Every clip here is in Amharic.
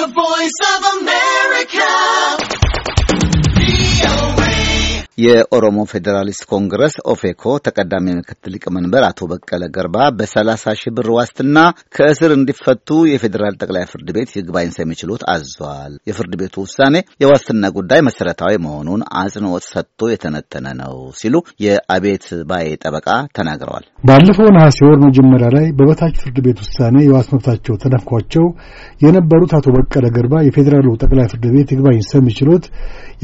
The Voice of የኦሮሞ ፌዴራሊስት ኮንግረስ ኦፌኮ ተቀዳሚ ምክትል ሊቀመንበር አቶ በቀለ ገርባ በሰላሳ ሺህ ብር ዋስትና ከእስር እንዲፈቱ የፌዴራል ጠቅላይ ፍርድ ቤት ይግባኝ ሰሚ ችሎት አዟል። የፍርድ ቤቱ ውሳኔ የዋስትና ጉዳይ መሰረታዊ መሆኑን አጽንኦት ሰጥቶ የተነተነ ነው ሲሉ የአቤት ባዬ ጠበቃ ተናግረዋል። ባለፈው ነሐሴ ወር መጀመሪያ ላይ በበታች ፍርድ ቤት ውሳኔ የዋስ መብታቸው ተነኳቸው የነበሩት አቶ በቀለ ገርባ የፌዴራሉ ጠቅላይ ፍርድ ቤት ይግባኝ ሰሚ ችሎት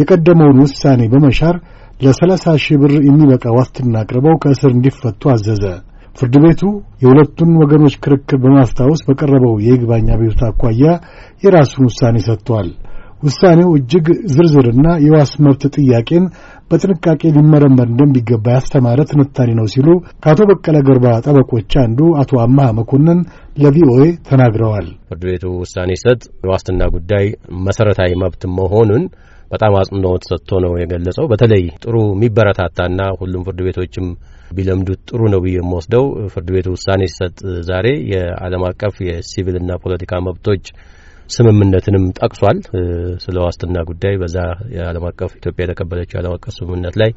የቀደመውን ውሳኔ በመሻር ለሰላሳ ሺህ ብር የሚበቃ ዋስትና አቅርበው ከእስር እንዲፈቱ አዘዘ። ፍርድ ቤቱ የሁለቱን ወገኖች ክርክር በማስታወስ በቀረበው የይግባኝ አቤቱታ አኳያ የራሱን ውሳኔ ሰጥቷል። ውሳኔው እጅግ ዝርዝርና የዋስ መብት ጥያቄን በጥንቃቄ ሊመረመር እንደሚገባ ያስተማረ ትንታኔ ነው ሲሉ ከአቶ በቀለ ገርባ ጠበቆች አንዱ አቶ አማሃ መኮንን ለቪኦኤ ተናግረዋል። ፍርድ ቤቱ ውሳኔ ሰጥ የዋስትና ጉዳይ መሰረታዊ መብት መሆኑን በጣም አጽንኦት ሰጥቶ ነው የገለጸው። በተለይ ጥሩ የሚበረታታና ሁሉም ፍርድ ቤቶችም ቢለምዱት ጥሩ ነው ብዬ የምወስደው ፍርድ ቤቱ ውሳኔ ሲሰጥ ዛሬ የዓለም አቀፍ የሲቪልና ፖለቲካ መብቶች ስምምነትንም ጠቅሷል። ስለ ዋስትና ጉዳይ በዛ የዓለም አቀፍ ኢትዮጵያ የተቀበለችው የዓለም አቀፍ ስምምነት ላይ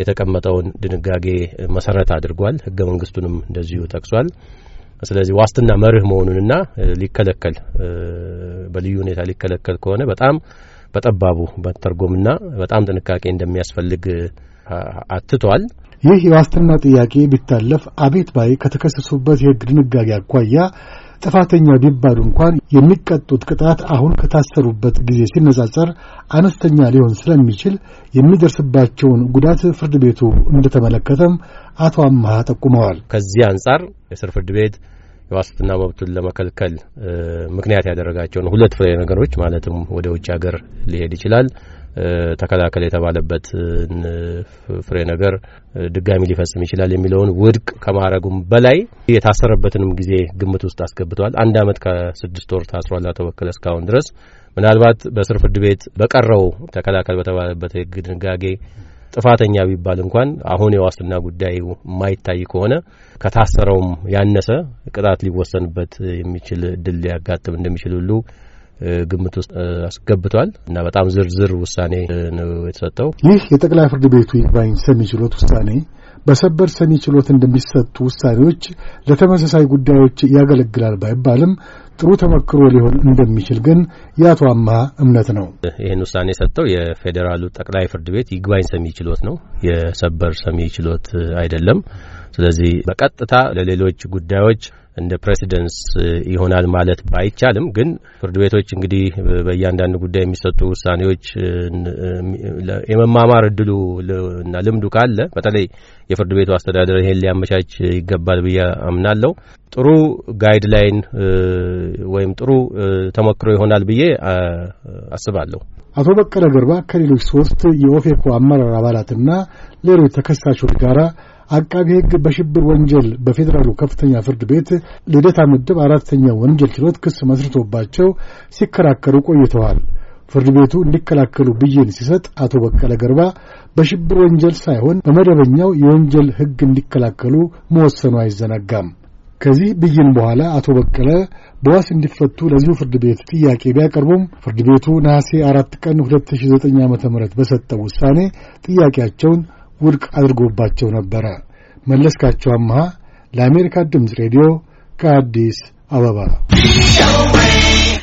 የተቀመጠውን ድንጋጌ መሰረት አድርጓል። ህገ መንግስቱንም እንደዚሁ ጠቅሷል። ስለዚህ ዋስትና መርህ መሆኑንና ሊከለከል በልዩ ሁኔታ ሊከለከል ከሆነ በጣም በጠባቡ መተርጎምና በጣም ጥንቃቄ እንደሚያስፈልግ አትቷል። ይህ የዋስትና ጥያቄ ቢታለፍ አቤት ባይ ከተከሰሱበት የሕግ ድንጋጌ አኳያ ጥፋተኛ ቢባሉ እንኳን የሚቀጡት ቅጣት አሁን ከታሰሩበት ጊዜ ሲነጻጸር አነስተኛ ሊሆን ስለሚችል የሚደርስባቸውን ጉዳት ፍርድ ቤቱ እንደተመለከተም አቶ አምሃ ጠቁመዋል። ከዚህ አንጻር የስር ፍርድ ቤት የዋስትና መብቱን ለመከልከል ምክንያት ያደረጋቸውን ሁለት ፍሬ ነገሮች ማለትም ወደ ውጭ ሀገር ሊሄድ ይችላል ተከላከል የተባለበት ፍሬ ነገር ድጋሚ ሊፈጽም ይችላል የሚለውን ውድቅ ከማረጉም በላይ የታሰረበትንም ጊዜ ግምት ውስጥ አስገብቷል። አንድ አመት ከስድስት ወር ታስሯል አቶ በቀለ እስካሁን ድረስ ምናልባት በስር ፍርድ ቤት በቀረው ተከላከል በተባለበት ህግ ድንጋጌ ጥፋተኛ ቢባል እንኳን አሁን የዋስትና ጉዳዩ የማይታይ ከሆነ ከታሰረውም ያነሰ ቅጣት ሊወሰንበት የሚችል እድል ሊያጋጥም እንደሚችል ሁሉ ግምት ውስጥ አስገብቷል እና በጣም ዝርዝር ውሳኔ ነው የተሰጠው። ይህ የጠቅላይ ፍርድ ቤቱ ይግባኝ ሰሚ ችሎት ውሳኔ በሰበር ሰሚ ችሎት እንደሚሰጡ ውሳኔዎች ለተመሳሳይ ጉዳዮች ያገለግላል ባይባልም ጥሩ ተመክሮ ሊሆን እንደሚችል ግን የአቶ እምነት ነው። ይህን ውሳኔ የሰጠው የፌዴራሉ ጠቅላይ ፍርድ ቤት ይግባኝ ሰሚ ችሎት ነው፣ የሰበር ሰሚ ችሎት አይደለም። ስለዚህ በቀጥታ ለሌሎች ጉዳዮች እንደ ፕሬሲደንስ ይሆናል ማለት ባይቻልም ግን ፍርድ ቤቶች እንግዲህ በእያንዳንዱ ጉዳይ የሚሰጡ ውሳኔዎች የመማማር እድሉ እና ልምዱ ካለ በተለይ የፍርድ ቤቱ አስተዳደር ይሄን ሊያመቻች ይገባል ብዬ አምናለሁ። ጥሩ ጋይድላይን ወይም ጥሩ ተሞክሮ ይሆናል ብዬ አስባለሁ። አቶ በቀለ ገርባ ከሌሎች ሶስት የኦፌኮ አመራር አባላትና ሌሎች ተከሳሾች ጋራ አቃቢ ሕግ በሽብር ወንጀል በፌዴራሉ ከፍተኛ ፍርድ ቤት ልደታ ምድብ አራተኛ ወንጀል ችሎት ክስ መስርቶባቸው ሲከራከሩ ቆይተዋል። ፍርድ ቤቱ እንዲከላከሉ ብይን ሲሰጥ አቶ በቀለ ገርባ በሽብር ወንጀል ሳይሆን በመደበኛው የወንጀል ሕግ እንዲከላከሉ መወሰኑ አይዘነጋም። ከዚህ ብይን በኋላ አቶ በቀለ በዋስ እንዲፈቱ ለዚሁ ፍርድ ቤት ጥያቄ ቢያቀርቡም ፍርድ ቤቱ ነሐሴ አራት ቀን 2009 ዓ ም በሰጠው ውሳኔ ጥያቄያቸውን ውድቅ አድርጎባቸው ነበረ። መለስካቸው አምሃ ለአሜሪካ ድምፅ ሬዲዮ ከአዲስ አበባ